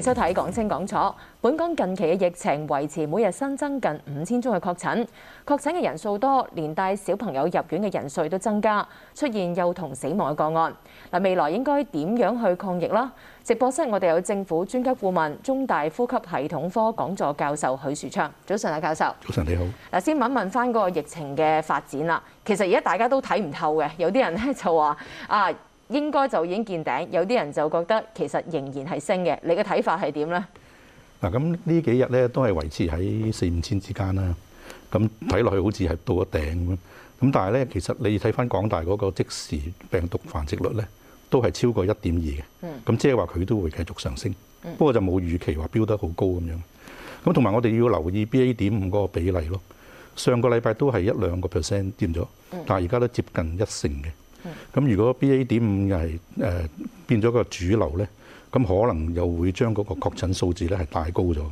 收睇講清講楚，本港近期嘅疫情維持每日新增近五千宗嘅確診，確診嘅人數多，連帶小朋友入院嘅人數都增加，出現幼童死亡嘅個案。嗱，未來應該點樣去抗疫啦？直播室我哋有政府專家顧問、中大呼吸系統科講座教授許樹昌。早晨啊，教授，早晨你好。嗱，先問問翻個疫情嘅發展啦。其實而家大家都睇唔透嘅，有啲人咧就話啊，應該就已經見頂，有啲人就覺得其實仍然係升嘅。你嘅睇法係點咧？嗱，咁呢幾日咧都係維持喺四五千之間啦。咁睇落去好似係到咗頂咁。咁但係咧，其實你睇翻港大嗰個即時病毒繁殖率咧，都係超過一點二嘅。嗯。咁即係話佢都會繼續上升。嗯。不過就冇預期話飆得好高咁樣。咁同埋我哋要留意 B A 點五嗰個比例咯。上個禮拜都係一兩個 percent 跌咗，但係而家都接近一成嘅。咁如果 B A 點五又係誒變咗個主流咧，咁可能又會將嗰個確診數字咧係帶高咗，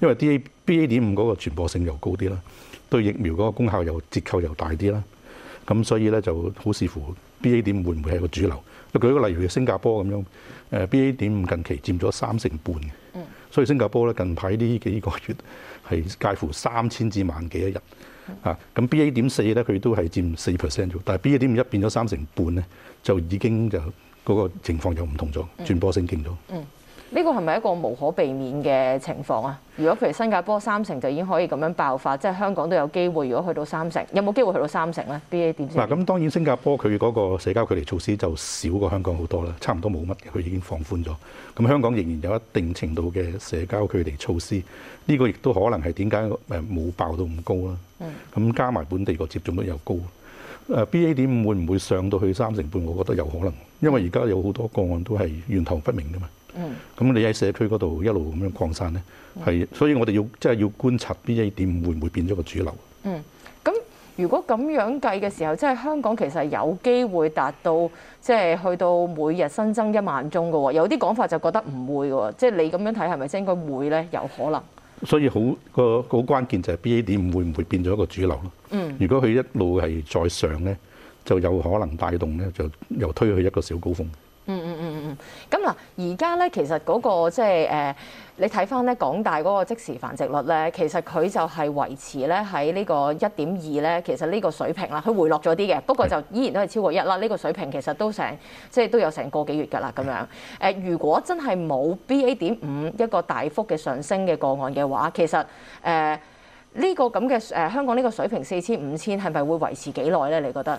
因為 D A B A 點五嗰個傳播性又高啲啦，對疫苗嗰個功效又折扣又大啲啦，咁所以咧就好視乎 B A 點五會唔會係個主流。舉一個例如新加坡咁樣，誒 B A 點五近期佔咗三成半，所以新加坡咧近排呢幾個月係介乎三千至萬幾一日。啊，咁 B A 點四咧，佢都係佔四 percent 咗，但係 B A 點五一變咗三成半咧，就已經就嗰、那個情況就唔同咗，轉播性勁多。嗯嗯呢個係咪一個無可避免嘅情況啊？如果譬如新加坡三成就已經可以咁樣爆發，即係香港都有機會。如果去到三成，有冇機會去到三成咧？BA.5？嗱，咁當然新加坡佢嗰個社交距離措施就少過香港好多啦，差唔多冇乜，佢已經放寬咗。咁香港仍然有一定程度嘅社交距離措施，呢個亦都可能係點解誒冇爆到咁高啦。嗯。咁加埋本地個接種率又高，誒 BA.5 會唔會上到去三成半？我覺得有可能，因為而家有好多個案都係源頭不明㗎嘛。嗯，咁你喺社區嗰度一路咁樣擴散咧，係，所以我哋要即係要觀察 BA 點五會唔會變咗個主流？嗯，咁如果咁樣計嘅時候，即係香港其實有機會達到即係去到每日新增一萬宗嘅喎，有啲講法就覺得唔會嘅喎，即係你咁樣睇係咪先應該會咧？有可能。所以好個好關鍵就係 BA 點五會唔會變咗一個主流咯？嗯，如果佢一路係再上咧，就有可能帶動咧就又推去一個小高峰。嗯嗯嗯嗯嗯，咁、嗯、嗱，而家咧其實嗰、那個即係誒，你睇翻咧港大嗰個即時繁殖率咧，其實佢就係維持咧喺呢個一點二咧，其實呢個水平啦，佢回落咗啲嘅，不過就依然都係超過一啦，呢個水平其實都成即係、就是、都有成個幾月㗎啦咁樣。誒、呃，如果真係冇 B A 點五一個大幅嘅上升嘅個案嘅話，其實誒呢、呃這個咁嘅誒香港呢個水平四千五千係咪會維持幾耐咧？你覺得？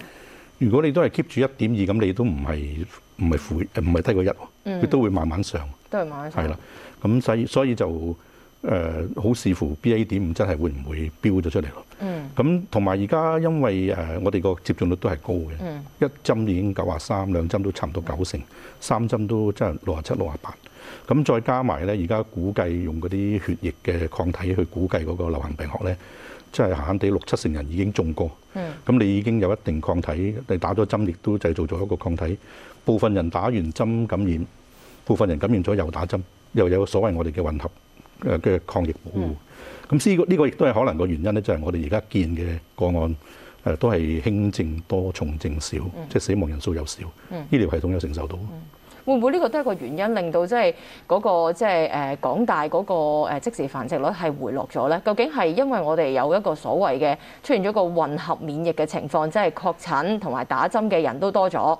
如果你都係 keep 住一點二咁，你都唔係。唔係負，唔係低過一、嗯，佢都會慢慢上，都係慢慢上。係啦，咁所以所以就誒、呃、好視乎 B A 點五真係會唔會飆咗出嚟咯？嗯，咁同埋而家因為誒、呃、我哋個接種率都係高嘅、嗯，一針已經九啊三，兩針都差唔多九成、嗯，三針都真係六啊七六啊八。咁再加埋咧，而家估計用嗰啲血液嘅抗體去估計嗰個流行病學咧。即係閒閒地六七成人已經中過，咁你已經有一定抗體，你打咗針亦都製造咗一個抗體。部分人打完針感染，部分人感染咗又打針，又有所謂我哋嘅混合嘅嘅抗疫保護。咁呢個呢個亦都係可能個原因咧，就係我哋而家見嘅個案誒都係輕症多，重症少，即係死亡人數又少，醫療系統又承受到。會唔會呢個都係一個原因令到即係嗰個即係誒港大嗰個即時繁殖率係回落咗咧？究竟係因為我哋有一個所謂嘅出現咗個混合免疫嘅情況，即係確診同埋打針嘅人都多咗，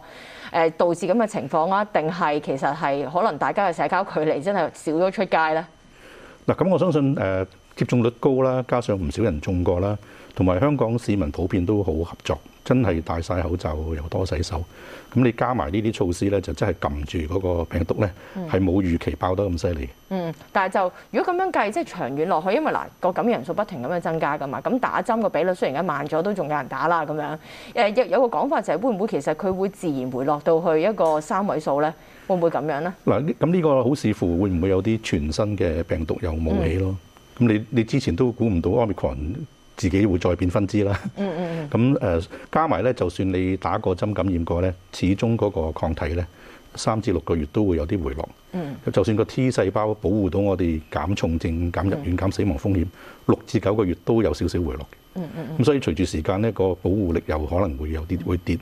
誒導致咁嘅情況啦？定係其實係可能大家嘅社交距離真係少咗出街咧？嗱，咁我相信誒接種率高啦，加上唔少人中過啦。同埋香港市民普遍都好合作，真係戴晒口罩，又多洗手。咁你加埋呢啲措施咧，就真係撳住嗰個病毒咧，係冇預期爆得咁犀利。嗯，但係就如果咁樣計，即係長遠落去，因為嗱個感染人數不停咁樣增加噶嘛，咁打針個比率雖然而家慢咗，都仲有人打啦咁樣。誒有有個講法就係會唔會其實佢會自然回落到去一個三位數咧？會唔會咁樣咧？嗱，咁呢個好視乎會唔會有啲全新嘅病毒又冒起咯。咁你你之前都估唔到 Omicron。自己會再變分支啦。嗯嗯嗯。咁誒加埋咧，就算你打過針感染過咧，始終嗰個抗體咧，三至六個月都會有啲回落。嗯。就算個 T 細胞保護到我哋減重症、減入院、減死亡風險，六至九個月都有少少回落。嗯嗯。咁所以隨住時間咧，個保護力又可能會有啲會跌。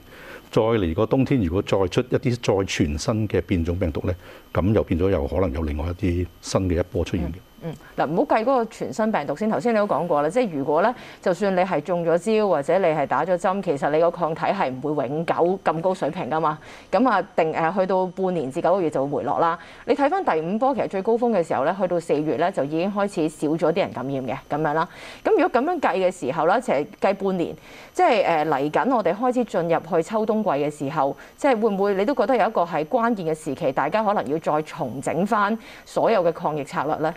再嚟，個冬天如果再出一啲再全新嘅變種病毒咧，咁又變咗又可能有另外一啲新嘅一波出現。嗯嗱，唔好計嗰個全新病毒先。頭先你都講過啦，即係如果咧，就算你係中咗招或者你係打咗針，其實你個抗體係唔會永久咁高水平噶嘛。咁啊，定誒去到半年至九個月就會回落啦。你睇翻第五波，其實最高峰嘅時候咧，去到四月咧就已經開始少咗啲人感染嘅咁樣啦。咁如果咁樣計嘅時候咧，就係計半年，即係誒嚟緊，我哋開始進入去秋冬季嘅時候，即係會唔會你都覺得有一個係關鍵嘅時期，大家可能要再重整翻所有嘅抗疫策略咧？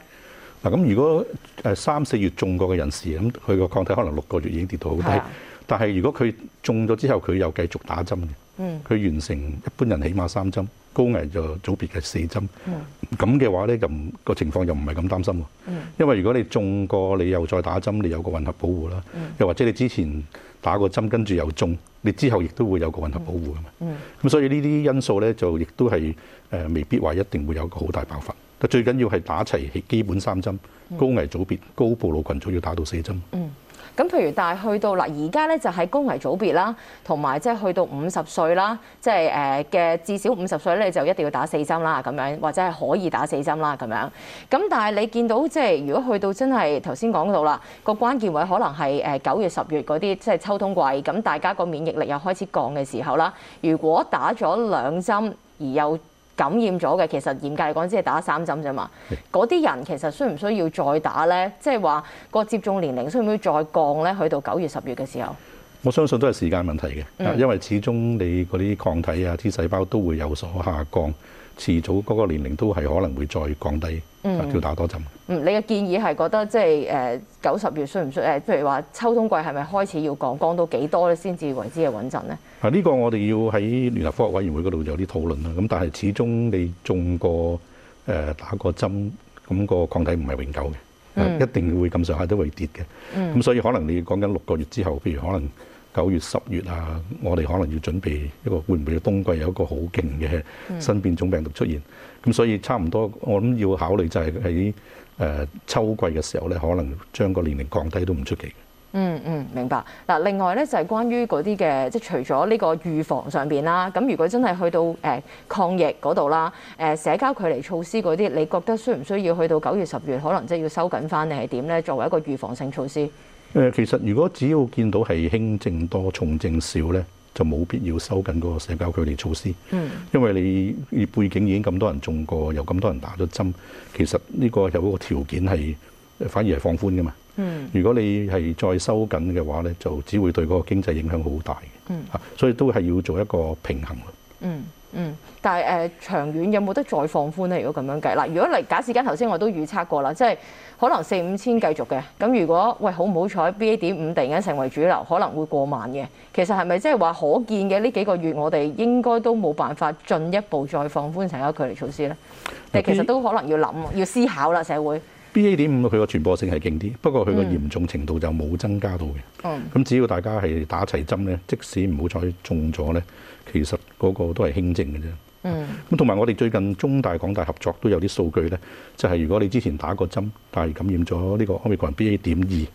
嗱，咁如果三四月中過嘅人士，咁佢個抗體可能六個月已經跌到好低。係呀、但係如果佢中咗之後，佢又繼續打針嘅，佢、嗯、完成一般人起碼三針，高危就組別嘅四針。咁、嗯、嘅話咧，就個情況又唔係咁擔心、嗯。因為如果你中過，你又再打針，你有個混合保護啦、嗯。又或者你之前打過針，跟住又中，你之後亦都會有個混合保護啊嘛。咁、嗯嗯、所以呢啲因素咧，就亦都係、呃、未必話一定會有個好大爆發。最緊要係打齊基本三針，高危組別、高暴露群組要打到四針。嗯，咁譬如，但係去到嗱，而家咧就係、是、高危組別啦，同埋即係去到五十歲啦，即係誒嘅至少五十歲咧就一定要打四針啦咁樣，或者係可以打四針啦咁樣。咁但係你見到即係、就是、如果去到真係頭先講到啦，個關鍵位可能係誒九月十月嗰啲即係秋冬季，咁大家個免疫力又開始降嘅時候啦，如果打咗兩針而又感染咗嘅，其實嚴格嚟講，只係打三針啫嘛。嗰啲人其實需唔需要再打呢？即係話個接種年齡需唔需要再降呢？去到九月、十月嘅時候，我相信都係時間問題嘅、嗯，因為始終你嗰啲抗體啊、T 細胞都會有所下降。遲早嗰個年齡都係可能會再降低，要打多針。嗯，你嘅建議係覺得即係誒九十月需唔需誒？譬如話秋冬季係咪開始要降？降到幾多咧先至為之係穩陣咧？啊，呢個我哋要喺聯合科學委員會嗰度有啲討論啦。咁但係始終你中過誒打過針，咁個抗體唔係永久嘅，一定會咁上下都會跌嘅。咁所以可能你講緊六個月之後，譬如可能。九月、十月啊，我哋可能要準備一個會唔會冬季有一個好勁嘅新變種病毒出現？咁所以差唔多，我諗要考慮就係喺誒秋季嘅時候咧，可能將個年齡降低都唔出奇嘅。嗯嗯，明白。嗱，另外咧就係關於嗰啲嘅，即係除咗呢個預防上邊啦。咁如果真係去到誒抗疫嗰度啦，誒社交距離措施嗰啲，你覺得需唔需要去到九月、十月，可能即係要收緊返定係點咧？作為一個預防性措施？誒，其實如果只要見到係輕症多、重症少咧，就冇必要收緊嗰個社交距離措施。嗯，因為你背景已經咁多人中過，又咁多人打咗針，其實呢個有一個條件係反而係放寬㗎嘛。嗯，如果你係再收緊嘅話咧，就只會對嗰個經濟影響好大嘅。嗯，啊，所以都係要做一個平衡。嗯。嗯，但係誒、呃、長遠有冇得再放寬咧？如果咁樣計嗱，如果嚟假設間頭先我都預測過啦，即係可能四五千繼續嘅。咁如果喂好唔好彩 B A 點五突然間成為主流，可能會過萬嘅。其實係咪即係話可見嘅呢幾個月我哋應該都冇辦法進一步再放寬成個距離措施咧？誒，其實都可能要諗，要思考啦社會。B A 點五佢個傳播性係勁啲，不過佢個嚴重程度就冇增加到嘅。哦、嗯，咁只要大家係打齊針咧，即使唔好再中咗咧。其實嗰個都係輕症嘅啫。嗯。咁同埋我哋最近中大港大合作都有啲數據咧，就係如果你之前打過針，但係感染咗呢個奧密克戎 BA.2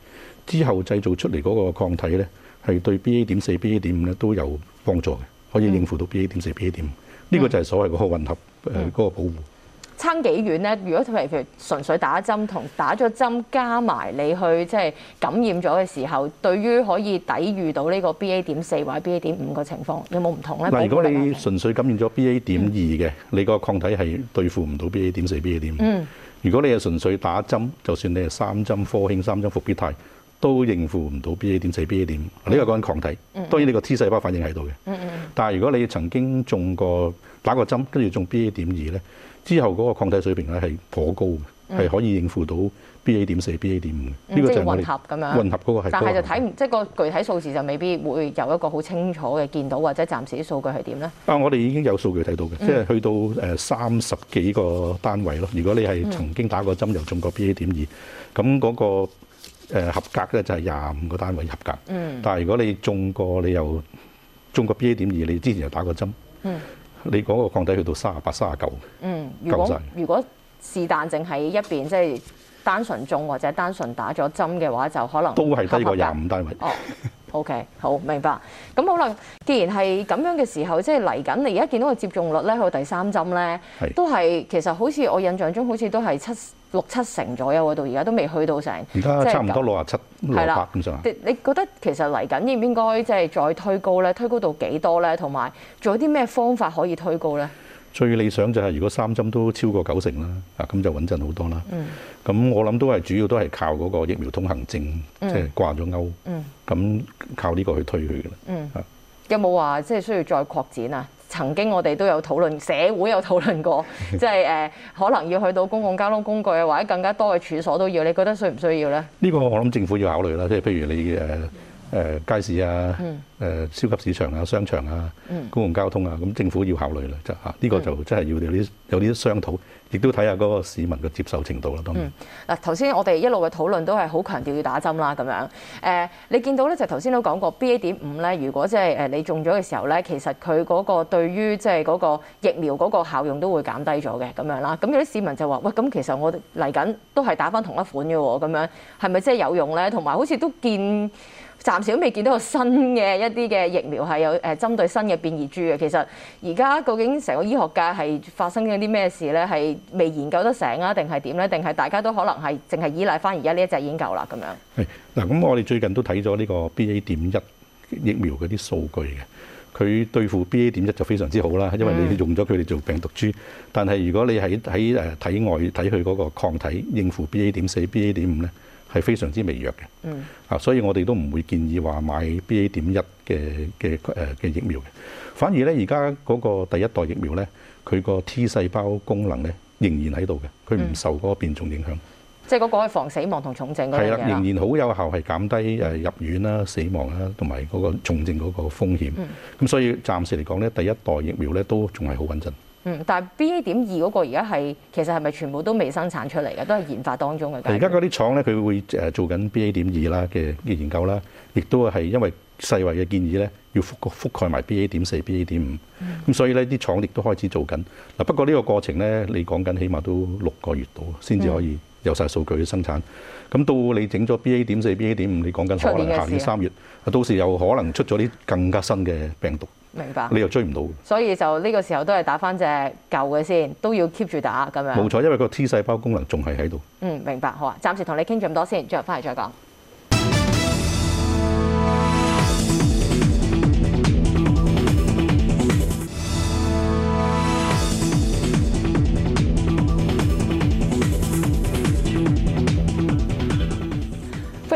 之後製造出嚟嗰個抗體咧，係對 BA.4、BA.5 咧都有幫助嘅，可以應付到 BA.4、BA.5。呢個就係所謂個混合誒嗰個保護。差幾遠咧？如果譬如譬如純粹打針同打咗針加埋你去即係感染咗嘅時候，對於可以抵禦到呢個 B A 點四或者 B A 點五個情況，有冇唔同咧？嗱，如果你純粹感染咗 B A 點二嘅，你個抗體係對付唔到 B A 點四、B A 點五。嗯。如果你係純粹打針，就算你係三針科興、三針復必泰，都應付唔到 B A 點四、B A 點。呢個講緊抗體。嗯。當然你個 T 細胞反應喺度嘅。嗯嗯。但係如果你曾經中過打個針跟住中 BA 點二咧，之後嗰個抗體水平咧係頗高嘅，係可以應付到 BA 點四、BA 點五。呢個就係混合咁樣，混合嗰個係。但係就睇唔即係個具體數字就未必會有一個好清楚嘅見到，或者暫時啲數據係點咧？啊，我哋已經有數據睇到嘅，即係去到誒三十幾個單位咯。如果你係曾經打過針又中過 BA 點二，咁嗰個誒合格咧就係廿五個單位合格。嗯。但係如果你中過你又中過 BA 點二，你之前又打過針。嗯。你講個降低去到三十八、三十九。嗯，如果如果是但淨喺一邊即係、就是、單純中或者單純打咗針嘅話，就可能都係低過廿五單位。哦、 oh,，OK，好明白。咁好啦，既然係咁樣嘅時候，即係嚟緊，你而家見到個接種率咧，去第三針咧，都係其實好似我印象中好似都係七。六七成左右嗰度，而家都未去到成。而家差唔多六啊七、六八咁上下。你你覺得其實嚟緊應唔應該即係再推高咧？推高到幾多咧？同埋仲有啲咩方法可以推高咧？最理想就係如果三針都超過九成啦，啊咁就穩陣好多啦。嗯。咁我諗都係主要都係靠嗰個疫苗通行證，即、嗯、係、即係、掛咗鈎。嗯。咁靠呢個去推佢嘅啦。嗯。有冇話即係需要再擴展啊？曾經我哋都有討論，社會有討論過，即係呃，可能要去到公共交通工具啊，或者更加多嘅處所都要。你覺得需唔需要咧？呢個我諗政府要考慮啦，即係譬如你、呃誒街市啊，誒超級市場啊，商場啊，公共交通啊，咁政府要考慮啦，就嚇呢個就真係要啲有啲商討，亦都睇下嗰個市民嘅接受程度啦。當然嗱，頭、嗯、先我哋一路嘅討論都係好強調要打針啦，咁樣誒、呃，你見到咧就頭、是、先都講過 B A 點五咧，如果即係誒你中咗嘅時候咧，其實佢嗰個對於即係嗰個疫苗嗰個效用都會減低咗嘅咁樣啦。咁有啲市民就話：喂，咁其實我嚟緊都係打翻同一款嘅喎，咁樣係咪即係有用咧？同埋好似都見。暫時都未見到個新嘅一啲嘅疫苗係有誒針對新嘅變異株嘅。其實而家究竟成個醫學界係發生緊啲咩事咧？係未研究得成啊？定係點咧？定係大家都可能係淨係依賴翻而家呢一隻已經夠啦咁樣。係嗱，咁我哋最近都睇咗呢個 B A 點一疫苗嗰啲數據嘅，佢對付 B A 點一就非常之好啦，因為你用咗佢哋做病毒株。嗯、但係如果你喺喺誒體外睇佢嗰個抗體應付 B A 點四、B A 點五咧？係非常之微弱嘅，啊、嗯，所以我哋都唔會建議話買 B A 點一嘅嘅誒嘅疫苗嘅。反而咧，而家嗰個第一代疫苗咧，佢個 T 細胞功能咧仍然喺度嘅，佢唔受嗰個變種影響。嗯、即係嗰個防死亡同重症嗰樣嘢仍然好有效，係減低誒入院啦、死亡啦，同埋嗰個重症嗰個風險。咁、嗯、所以暫時嚟講咧，第一代疫苗咧都仲係好穩陣。嗯、但係 B A 點二嗰個而家係其實係咪全部都未生產出嚟嘅？都係研發當中嘅。而家嗰啲廠咧，佢會誒做緊 B A 點二啦嘅嘅研究啦，亦都係因為世衞嘅建議咧，要覆覆蓋埋 B A 點四、B A 點五。咁所以呢啲廠亦都開始做緊。嗱，不過呢個過程咧，你講緊起碼都六個月到先至可以有晒數據去生產。咁、嗯、到你整咗 B A 點四、B A 點五，你講緊可能下年三月，到時又可能出咗啲更加新嘅病毒。明白，你又追唔到，所以就呢個時候都係打翻隻舊嘅先，都要 keep 住打咁樣。冇錯，因為個 T 細胞功能仲係喺度。嗯，明白，好啊，暫時同你傾咁多先，最後再翻嚟再講。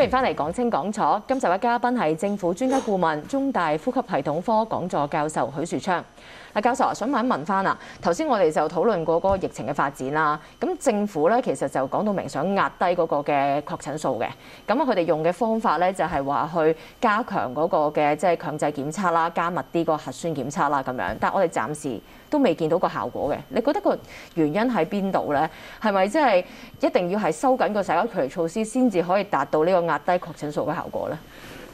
翻嚟講清講楚，今集嘅嘉賓係政府專家顧問、中大呼吸系統科講座教授許樹昌。阿教授啊，想問一問翻啊，頭先我哋就討論過嗰個疫情嘅發展啦。咁政府咧其實就講到明，想壓低嗰個嘅確診數嘅。咁啊，佢哋用嘅方法咧就係話去加強嗰個嘅即係強制檢測啦，加密啲個核酸檢測啦咁樣。但係我哋暫時都未見到個效果，你覺得個原因喺邊度呢？係咪即係，一定要係收緊個社交距離措施，先至可以達到呢個壓低確診數嘅效果呢？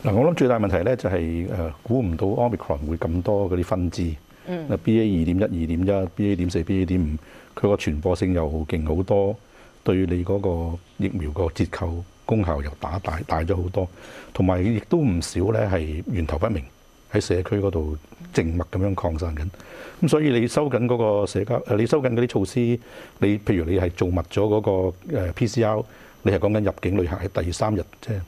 嗱，我諗，最大問題呢，就係，估唔到 Omicron 會咁多嗰啲分支，嗯，BA2.1,2.1,BA4,BA5，佢個傳播性又好勁好多，對你嗰個疫苗嘅折扣功效又打大大咗好多，同埋亦都唔少呢係源頭不明喺社區嗰度靜默咁樣擴散緊，咁所以你收緊嗰個社交，誒你收緊嗰啲措施，你譬如你係做密咗嗰個誒 PCR，你係講緊入境旅客喺第三日，即係，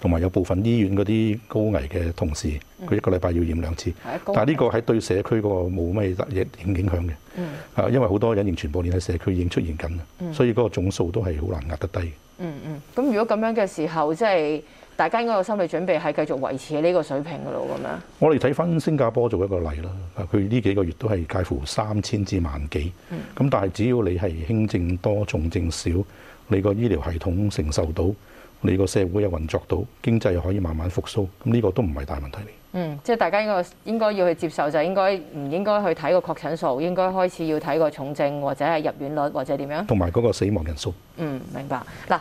同埋有部分醫院嗰啲高危嘅同事，佢一個禮拜要驗兩次，但係呢個喺對社區嗰個冇乜嘢影影響嘅，啊，因為好多隱形傳播鏈喺社區已經出現緊啦，所以嗰個總數都係好難壓得低。嗯嗯，咁如果咁樣嘅時候，即係。大家應該有心理準備係繼續維持喺呢個水平嘅咯，咁樣。我哋睇翻新加坡做一個例啦，佢呢幾個月都係介乎三千至萬幾。咁、嗯、但係只要你係輕症多、重症少，你個醫療系統承受到，你個社會又運作到，經濟又可以慢慢復甦，咁呢個都唔係大問題嚟。嗯，即係大家應該應該要去接受，就應該唔應該去睇個確診數，應該開始要睇個重症或者係入院率或者點樣？同埋嗰個死亡人數。嗯，明白。嗱。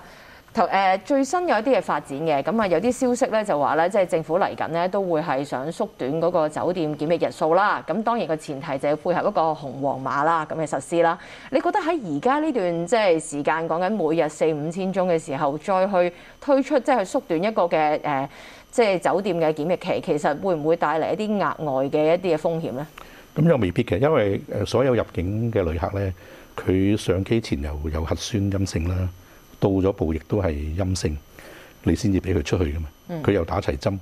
頭誒最新有一啲嘅發展嘅，咁啊有啲消息咧就話咧，即係政府嚟緊咧都會係想縮短嗰個酒店檢疫日數啦。咁當然個前提就要配合嗰個紅黃碼啦，咁嘅實施啦。你覺得喺而家呢段即係時間講緊每日四五千宗嘅時候，再去推出即係縮短一個嘅誒，即係酒店嘅檢疫期，其實會唔會帶嚟一啲額外嘅一啲嘅風險咧？咁又未必嘅，因為誒所有入境嘅旅客咧，佢上機前又有，有核酸陰性啦。到咗步亦都係陰性，你先至俾佢出去噶嘛。佢又打齊針，咁、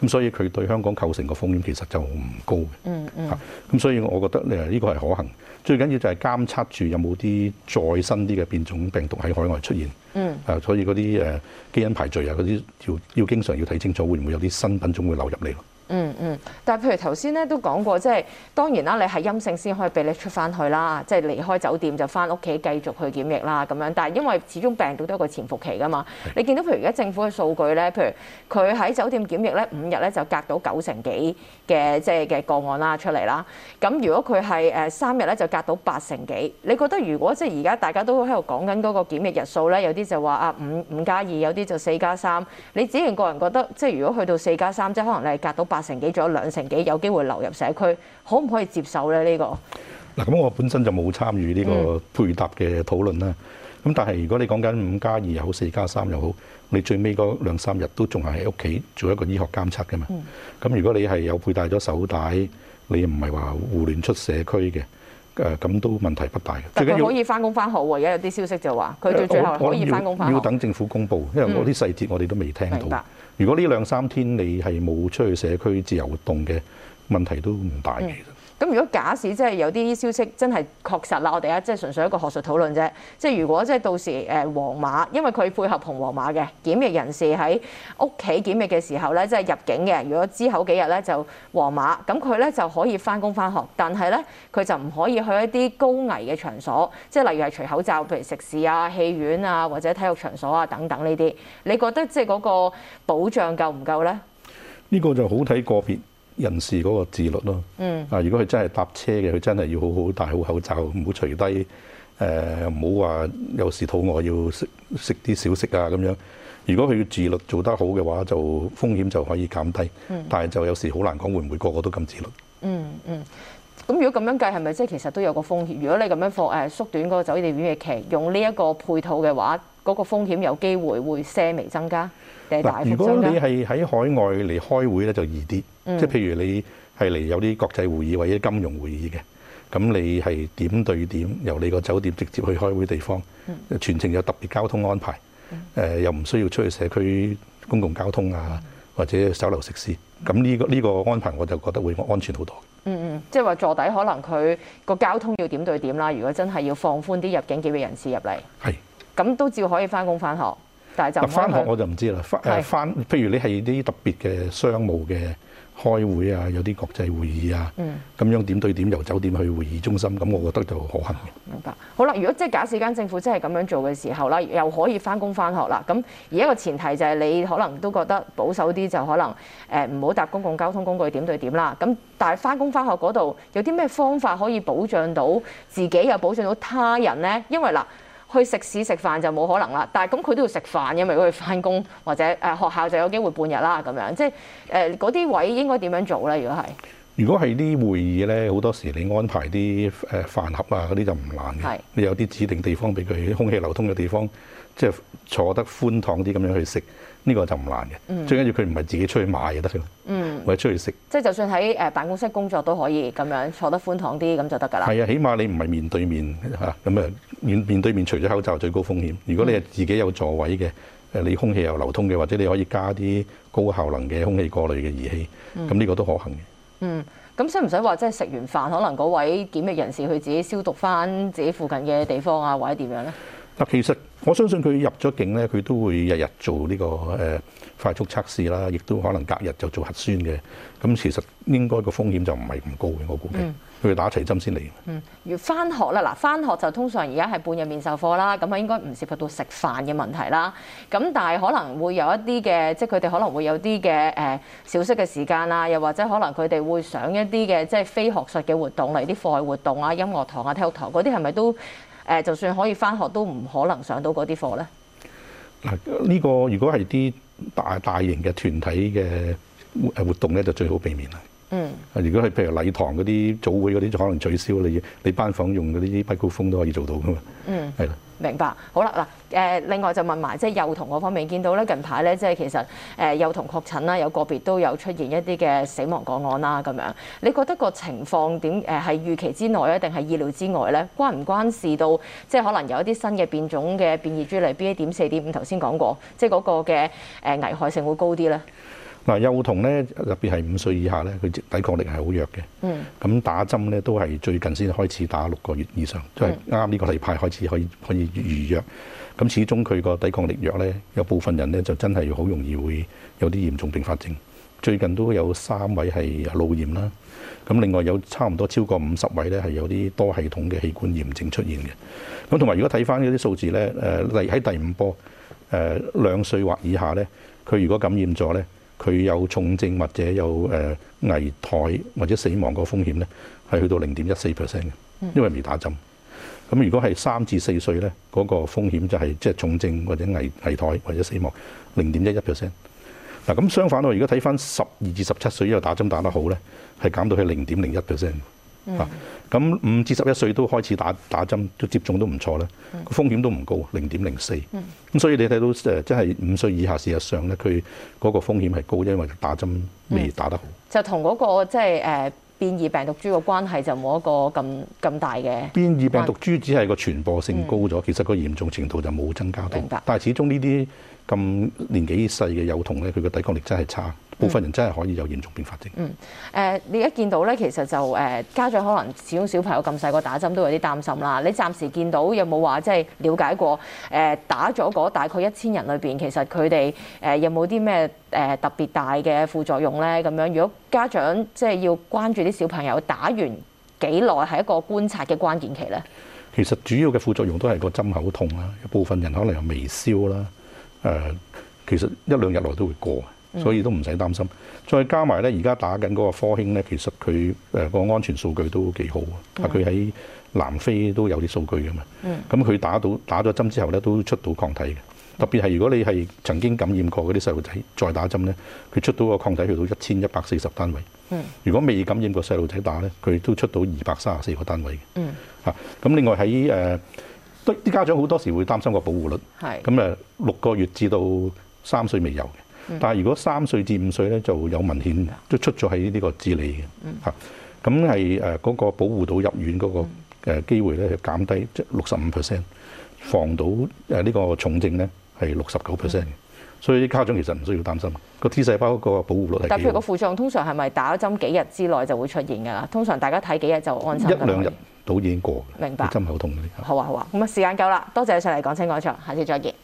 嗯、所以佢對香港構成個風險其實就唔高嘅。嚇、嗯，咁、嗯、所以我覺得咧，呢個係可行。最緊要就係監測住有冇啲再新啲嘅變種病毒喺海外出現。嗯，啊，所以嗰啲誒基因排序啊，嗰啲要要經常要睇清楚，會唔會有啲新品種會流入嚟咯？嗯嗯，但係譬如頭先咧都講過，即係當然啦，你係陰性先可以俾你出翻去啦，即係離開酒店就翻屋企繼續去檢疫啦咁樣。但係因為始終病毒都有個潛伏期㗎嘛，你見到譬如而家政府嘅數據咧，譬如佢喺酒店檢疫咧五日咧就隔到九成幾。嘅即係嘅個案啦，出嚟啦，咁如果佢係誒三日咧就隔到八成幾，你覺得如果即係而家大家都喺度講緊嗰個檢疫日數咧，有啲就話啊五五加二，有啲就四加三，你自然個人覺得即係如果去到四加三，即係可能你係隔到八成幾，仲有兩成幾有機會流入社區，可唔可以接受咧？呢個。嗱，咁，我本身就冇參與呢個配搭嘅討論啦。嗯咁但係如果你講緊五加二又好四加三又好，你最尾嗰兩三日都仲係喺屋企做一個醫學監測嘅嘛。咁、嗯、如果你係有佩戴咗手帶，你唔係話胡亂出社區嘅，誒咁都問題不大嘅。最緊要可以翻工翻學喎，而家有啲消息就話佢最最後可以翻工翻學。要等政府公布，因為嗰啲細節我哋都未聽到。嗯、如果呢兩三天你係冇出去社區自由活動嘅，問題都唔大。咁如果假使即係有啲消息真係確實啦，我哋啊即係純粹一個學術討論啫。即係如果即係到時誒黃碼，因為佢配合紅黃碼嘅檢疫人士喺屋企檢疫嘅時候咧，即係入境嘅。如果之後幾日咧就黃碼，咁佢咧就可以返工返學，但係咧佢就唔可以去一啲高危嘅場所，即係例如係除口罩，譬如食肆啊、戲院啊或者體育場所啊等等呢啲。你覺得即係嗰個保障夠唔夠咧？呢個就好睇個別人士嗰個自律咯。嗯。啊，如果佢真係搭車嘅，佢真係要好好戴好口罩，唔好除低誒，唔好話有時肚餓要食食啲小食啊咁樣。如果佢要自律做得好嘅話，就風險就可以減低。嗯。但係就有時好難講會唔會個個都咁自律。嗯嗯。咁如果咁樣計，係咪即係其實都有個風險？如果你咁樣放誒縮短嗰個酒店嘅期，用呢一個配套嘅話？嗰個風險有機會會稍微增加，誒大幅增加。嗱，如果你係喺海外嚟開會咧，就易啲。即係譬如你係嚟有啲國際會議或者金融會議嘅，咁你係點對點由你個酒店直接去開會地方，全程有特別交通安排，誒又唔需要出去社區公共交通啊，或者酒樓食肆。咁呢個呢個安排我就覺得會安全好多。嗯嗯，即係話坐底可能佢個交通要點對點啦。如果真係要放寬啲入境幾位人士入嚟，係。咁都照可以翻工翻學，但係就翻學我就唔知啦。翻誒翻，譬如你係啲特別嘅商務嘅開會啊，有啲國際會議啊，咁、嗯、樣點對點由酒店去會議中心，咁我覺得就可行。明白。好啦，如果即係假設間政府真係咁樣做嘅時候啦，又可以翻工翻學啦。咁而一個前提就係你可能都覺得保守啲，就可能唔好搭公共交通工具點對點啦。咁但係翻工翻學嗰度有啲咩方法可以保障到自己又保障到他人咧？因為嗱。去食肆食飯就冇可能啦，但係咁佢都要食飯嘅，因為如果佢翻工或者誒學校就有機會半日啦咁樣，即係誒嗰啲位應該點樣做咧？如果係如果係啲會議咧，好多時你安排啲誒飯盒啊嗰啲就唔難嘅，你有啲指定地方俾佢空氣流通嘅地方，即係坐得寬敞啲咁樣去食。呢、這個就唔難嘅，最緊要佢唔係自己出去買就得嘅，或、嗯、者、就是、出去食。即係就算喺誒辦公室工作都可以咁樣坐得寬敞啲咁就得㗎啦。係啊，起碼你唔係面對面嚇咁啊，面面對面除咗口罩最高風險。如果你係自己有座位嘅，誒你空氣又流通嘅，或者你可以加啲高效能嘅空氣過濾嘅儀器，咁、嗯、呢個都可行嘅。嗯，咁使唔使話即係食完飯可能嗰位檢疫人士去自己消毒翻自己附近嘅地方啊，或者點樣咧？嗱，其實。我相信佢入咗境咧，佢都會日日做呢個誒快速測試啦，亦都可能隔日就做核酸嘅。咁其實應該個風險就唔係咁高嘅，我估計。佢、嗯、打齊針先嚟。嗯，如翻學啦，嗱翻學就通常而家係半日面授課啦，咁啊應該唔涉及到食飯嘅問題啦。咁但係可能會有一啲嘅，即係佢哋可能會有啲嘅誒小息嘅時間啊，又或者可能佢哋會上一啲嘅即係非學術嘅活動，例如啲課外活動啊、音樂堂啊、體育堂嗰啲，係咪都？誒，就算可以返學，都唔可能上到嗰啲課咧。嗱，呢個如果係啲大大型嘅團體嘅活活動咧，就最好避免啦。嗯。啊，如果係譬如禮堂嗰啲組會嗰啲，就可能取消你。你班房用嗰啲咪高峰都可以做到噶嘛。嗯。係啦。明白，好啦嗱，誒另外就問埋即係幼童嗰方面，見到咧近排咧即係其實誒幼童確診啦，有個別都有出現一啲嘅死亡個案啦咁樣。你覺得個情況點？誒係預期之內啊，定係意料之外咧？關唔關事到即係可能有一啲新嘅變種嘅變異株嚟？BA 點四點五頭先講過，即係嗰個嘅誒危害性會高啲咧？嗱幼童咧，特別係五歲以下咧，佢抵抗力係好弱嘅。嗯，咁打針咧都係最近先開始打六個月以上，即係啱啱呢個禮拜開始可以可以預約。咁始終佢個抵抗力弱咧，有部分人咧就真係好容易會有啲嚴重併發症。最近都有三位係腦炎啦。咁另外有差唔多超過五十位咧係有啲多系統嘅器官炎症出現嘅。咁同埋如果睇翻呢啲數字咧，例如喺第五波誒兩、呃、歲或以下咧，佢如果感染咗咧。佢有重症或者有誒危殆或者死亡個風險咧，係去到零點一四 percent 嘅，因為未打針。咁如果係三至四歲咧，嗰、嗰個風險就係即係重症或者危危殆或者死亡零點一一 percent。嗱咁相反，我如果睇翻十、二至十七歲又打針打得好咧，係減到去零點零一 percent。嚇、嗯！咁、啊、五至十一歲都開始打打針，都接種都唔錯啦，風嗯、個風險都唔高，零點零四。咁所以你睇到誒，即係五歲以下，事實上咧，佢嗰個風險係高，因為打針未打得好。嗯、就同嗰、那個即係誒變異病毒株嘅關係就冇一個咁咁大嘅。變異病毒株只係個傳播性高咗、嗯，其實個嚴重程度就冇增加到。明白。但係始終呢啲咁年紀細嘅幼童咧，佢個抵抗力真係差。部分人真係可以有嚴重併發症。嗯，誒，你一見到咧，其實就誒家長可能始終小朋友咁細個打針都有啲擔心啦。你暫時見到有冇話即係了解過誒打咗嗰大概一千人裏邊，其實佢哋誒有冇啲咩誒特別大嘅副作用咧？咁樣如果家長即係、就是、要關注啲小朋友打完幾耐係一個觀察嘅關鍵期咧？其實主要嘅副作用都係個針口痛啦，有部分人可能有微燒啦。誒、呃，其實一兩日內都會過。所以都唔使擔心，再加埋咧，而家打緊嗰個科興咧，其實佢誒個安全數據都幾好啊。佢、嗯、喺南非都有啲數據㗎嘛。嗯。咁佢打到打咗針之後咧，都出到抗體嘅。特別係如果你係曾經感染過嗰啲細路仔，再打針咧，佢出到個抗體去到一千一百四十單位。嗯。如果未感染過細路仔打咧，佢都出到二百三十四個單位嘅。嗯。嚇、啊、咁，另外喺誒都啲家長好多時會擔心個保護率係咁誒六個月至到三歲未有嘅。但係如果三歲至五歲咧，就有明顯都出咗喺呢個智利嘅嚇，咁係誒嗰個保護到入院嗰個誒機會咧減低即六十五 percent，防到誒呢個重症咧係六十九 percent，所以啲家長其實唔需要擔心個 T 細胞個保護率。但譬如個副作用通常係咪打咗針幾日之內就會出現㗎啦？通常大家睇幾日就安心，一兩日倒已經過，明白？針唔係好痛㗎。好啊好啊，咁啊時間夠啦，多謝你上嚟講清講楚，下次再見。